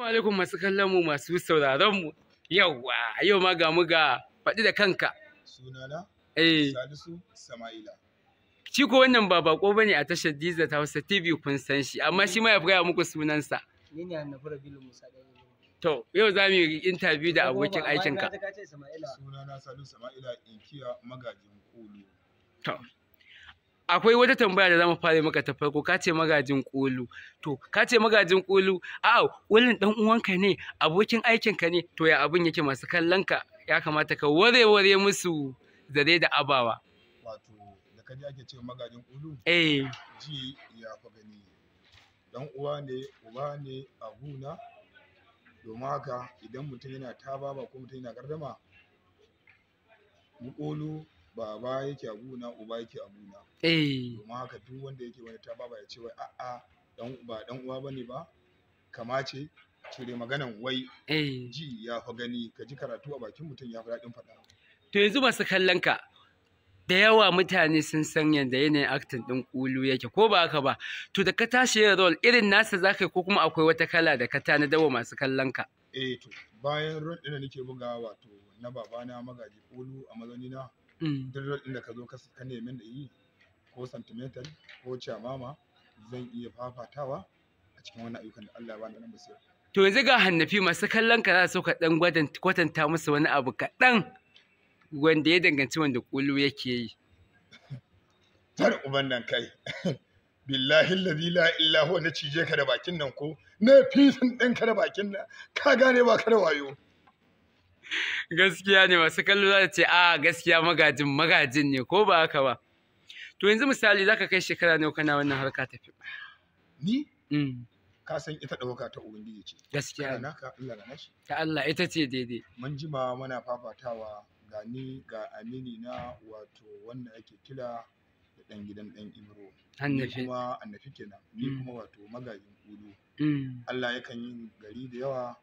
alaikum masu kallon mu masu sauraron mu yawa yau ma ga mu ga faɗi da kanka sunana eh Salisu Sama'ila shi ko wannan ba bako bane a tashar Diza ta Hausa TV kun san shi amma shi ma ya fara muku sunansa ni ne Annabi Rabilu Musa Dai To, yau za mu yi interview da abokin aikinka. Sunana Salu Sama'ila Inkiya Magajin Kulu. To, akwai wata tambaya da za mu fara maka ta farko, ka ce magajin kulu. To, ka ce magajin kulu, a'a, kulun ɗan uwanka ne, abokin aikinka ne, to ya abin yake masu kallon ka ya kamata ka ware-ware musu zare da abawa. Wato, da kaji ake ce magajin kulu? Eh. Ji ya fa gani. Dan uwa ne, uba ne, abuna, domin haka idan mutum yana taba ba ko mutum yana gardama ba ba yake a guna uba yake a guna eh. domin haka duk wanda yake wani taba ba ya ce wai a'a ba dan uwa bane ba kama ce cire maganan wai eh. ji ya fa gani ka ji karatu a bakin mutum ya fi daɗin faɗa to yanzu masu kallon ka da yawa mutane sun san yadda yanayin acting din kulu yake ko ba haka ba to da ka tashi yin role irin nasa ka yi ko kuma akwai wata kala da ka tana dawo masu kallon ka eh to bayan role din da nake buga wato na babana magaji kulu a mazaunina mm. duk role din da ka zo ka nemi da yi ko sentimental ko chamama zan iya fafatawa a cikin wannan ayyukan da Allah ya bani nan basira to yanzu ga hannafi masu kallon ka za su ka dan gwatanta musu wani abu kaɗan wanda ya danganci wanda kulu yake yi tar uban nan kai billahi allazi la ilaha cije ka da bakin nan ko na fisin ɗinka da bakin nan ka gane ba ka da wayo gaskiya ne masu kallo za ta ce a gaskiya magajin magajin ne ko ba haka ba to yanzu misali za ka kai shekara ne kana wannan harka fi. ni mm. ka san ita ɗauka ta ubangiji ce gaskiya Ka Allah na shi ta Allah ita ce daidai mun jima muna fafatawa ga ni ga amini na wato wanda ake kira da ɗan gidan ɗan imro ni kuma annafi kenan ni mm. kuma wato magajin kudu mm. Allah yakan yi gari da yawa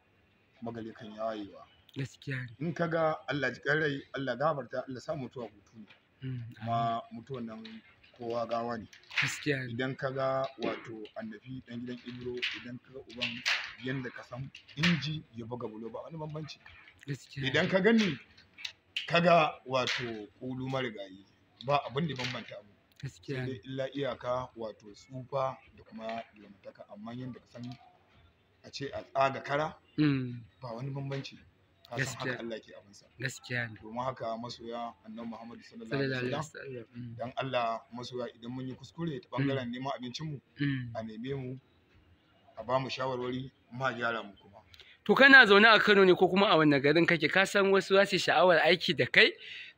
kuma gari kan yawayewa gaskiya in ka ga Allah ji rai Allah gafarta Allah sa mutuwa hutu ne mm, kuma mutuwan nan kowa gawa ne gaskiya idan ka ga wato annabi dan gidan imro idan ka ga uban yanda ka san inji ya buga bulo ba wani bambanci idan ka gani kaga wato ƙulu marigayi ba abin da bambanta mu gaskiya ne illa iyaka wato tsufa da kuma lamtaka amma yadda ka san a ce a tsaga kara mm. ba wani bambanci gaskiya Allah ke sa gaskiya ne domin haka masoya annabi Muhammad sallallahu alaihi wasallam mm. dan Allah masoya idan mun yi kuskure ta bangaren mm. neman abincin mu a neme mu a ba mu shawarwari ma gyara mu to kana zaune a Kano ne ko kuma a wannan garin kake ka san wasu za su sha'awar aiki da kai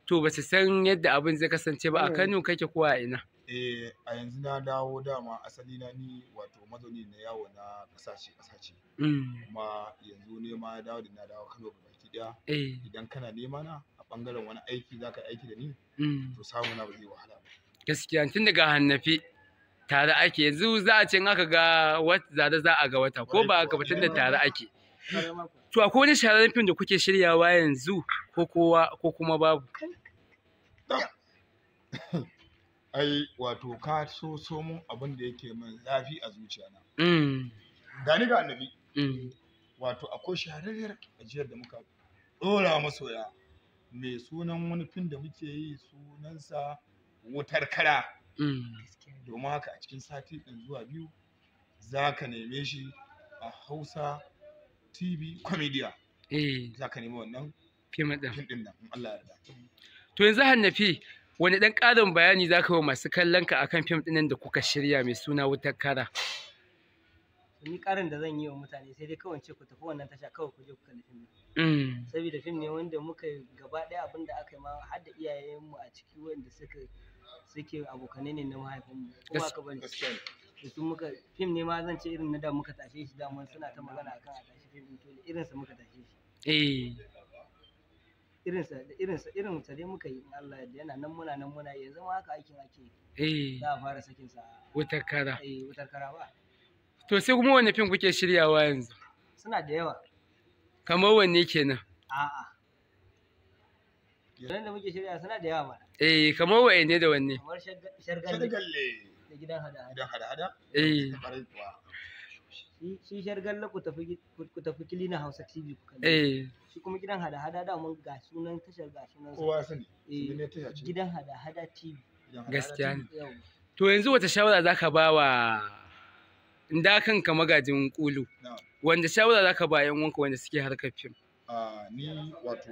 to ba su san yadda abin zai kasance ba a eh. Kano kake ko a ina eh a yanzu na dawo dama asali na ni wato mazauni na yawo na kasashe kasashe mm. kuma yanzu ne ma dawo da na dawo Kano baki daya eh. idan kana nema na a bangaren wani aiki zaka aiki da ni mm. to samu na ba zai wahala ba gaskiya tun daga hannafi tare ake yanzu za a ce in aka ga wata za a ga wata ko ba aka fitar da tare ake To akwai wani shahararren fim da kuke shiryawa yanzu ko kowa ko kuma babu? Ai wato ka so so mun abin da yake min zafi a zuciya Da mm. Gani ga annabi. Mm. Wato akwai shahararren ajiyar da muka dora masoya mai sunan wani fim da muke yi sunansa wutar kara. Mm. Domin haka a cikin sati ɗin zuwa biyu za ka neme shi a Hausa tv comedia eh za ka nemi wannan fim din fim din nan Allah ya to yanzu hannafi wani dan ƙarin bayani za ka yi masu kallon ka akan fim din da kuka shirya mai suna wutar kara ni ƙarin da zan yi wa mutane sai dai kawai ce ku tafi wannan tasha kawai ku je ku kalli fim din mm. saboda fim ne wanda muka gaba ɗaya abin da aka yi ma har da iyayenmu a ciki wanda suka suke abokanai ne na mahaifinmu kuma ka bari da su muka fim ne ma zan ce irin na da muka tashe shi daman suna ta magana akan a tafi hutu da irinsa muka tashe shi eh irinsa da irinsa irin sa dai muka yi in Allah yadda yana nan muna nan muna yanzu ma haka aikin ake eh za a fara sakin sa wutar kara eh wutar kara ba to sai kuma wani fim kuke shiryawa yanzu suna da yawa kamar wanne kenan a'a Yanzu da muke shirya suna da yawa ba. Eh kamar wa'ene da wanne? Kamar shargalle. Shargalle. Da gidan hada-hada. Gidan hada-hada? Eh. shi shar galla ku tafi kilina Hausa TV ku kalli eh. shi kuma gidan hada hada da mun ga sunan tashar ga sunan kowa sani eh, gidan hada hada TV gaskiya ne to yanzu wata shawara zaka ba wa kan ka magajin kulu wanda shawara zaka ba yan wanka wanda suke harkar fim a ni wato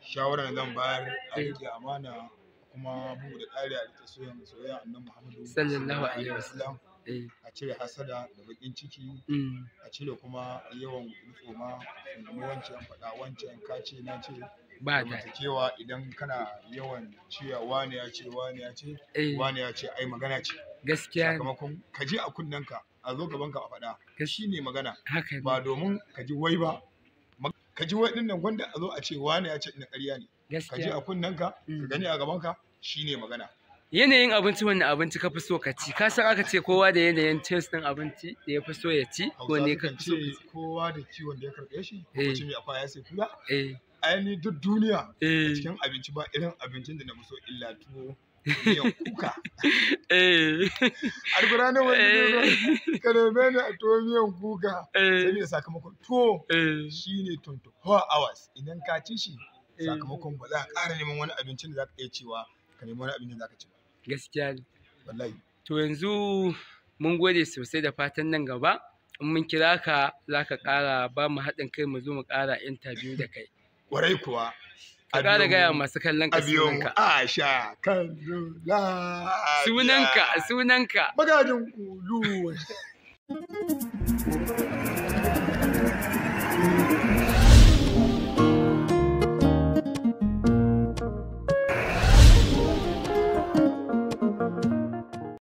shawara zan bayar a yi eh. amana kuma bugu da ƙari a rike soyayya annabi Muhammadu sallallahu alaihi wasallam Eh. a cire hasada da bakin ciki mm. a cire kuma yawan tsoma kuma wancan faɗa wancan ka ce na ce ba da cewa idan kana yawan cewa wani ya ce wani ya ce eh. wani ya ce ai magana ce gaskiya sakamakon ka je a kunnenka a zo gaban ka a faɗa ka shine magana ba domin ka ji wai ba ka ji wai dinnan gwanda a zo a ce wani ya ce ina ƙarya ne ka je a kunnenka ka mm. gani a gaban ka shine magana yanayin abinci wani abinci ka fi so ka ci ka aka ce kowa da yanayin taste din abinci da ya fi so ya ci wani ka fi so ka ci kowa da ciwon da ya karɓe shi ko ci mai afa ya sai kula eh ai duk duniya eh. cikin abinci ba irin abincin da na fi so illa tuwo miyan kuka eh. a gudanar wani eh. ka neme ni a tuwo miyan kuka da sakamakon tuwo shine 24 hours idan ka ci shi sakamakon ba za ka ƙara neman wani abincin da za ka iya cewa ka nemi wani abincin da ka ci ba gaskiya ne wallahi to yanzu mun gode sosai da fatan nan gaba in mun kira ka za ka ƙara ba mu haɗin kai mu zo mu ƙara interview da kai ƙwarai kuwa ka ƙara gaya masu kallon ka sunanka a sha kallo sunanka sunanka magajin kulu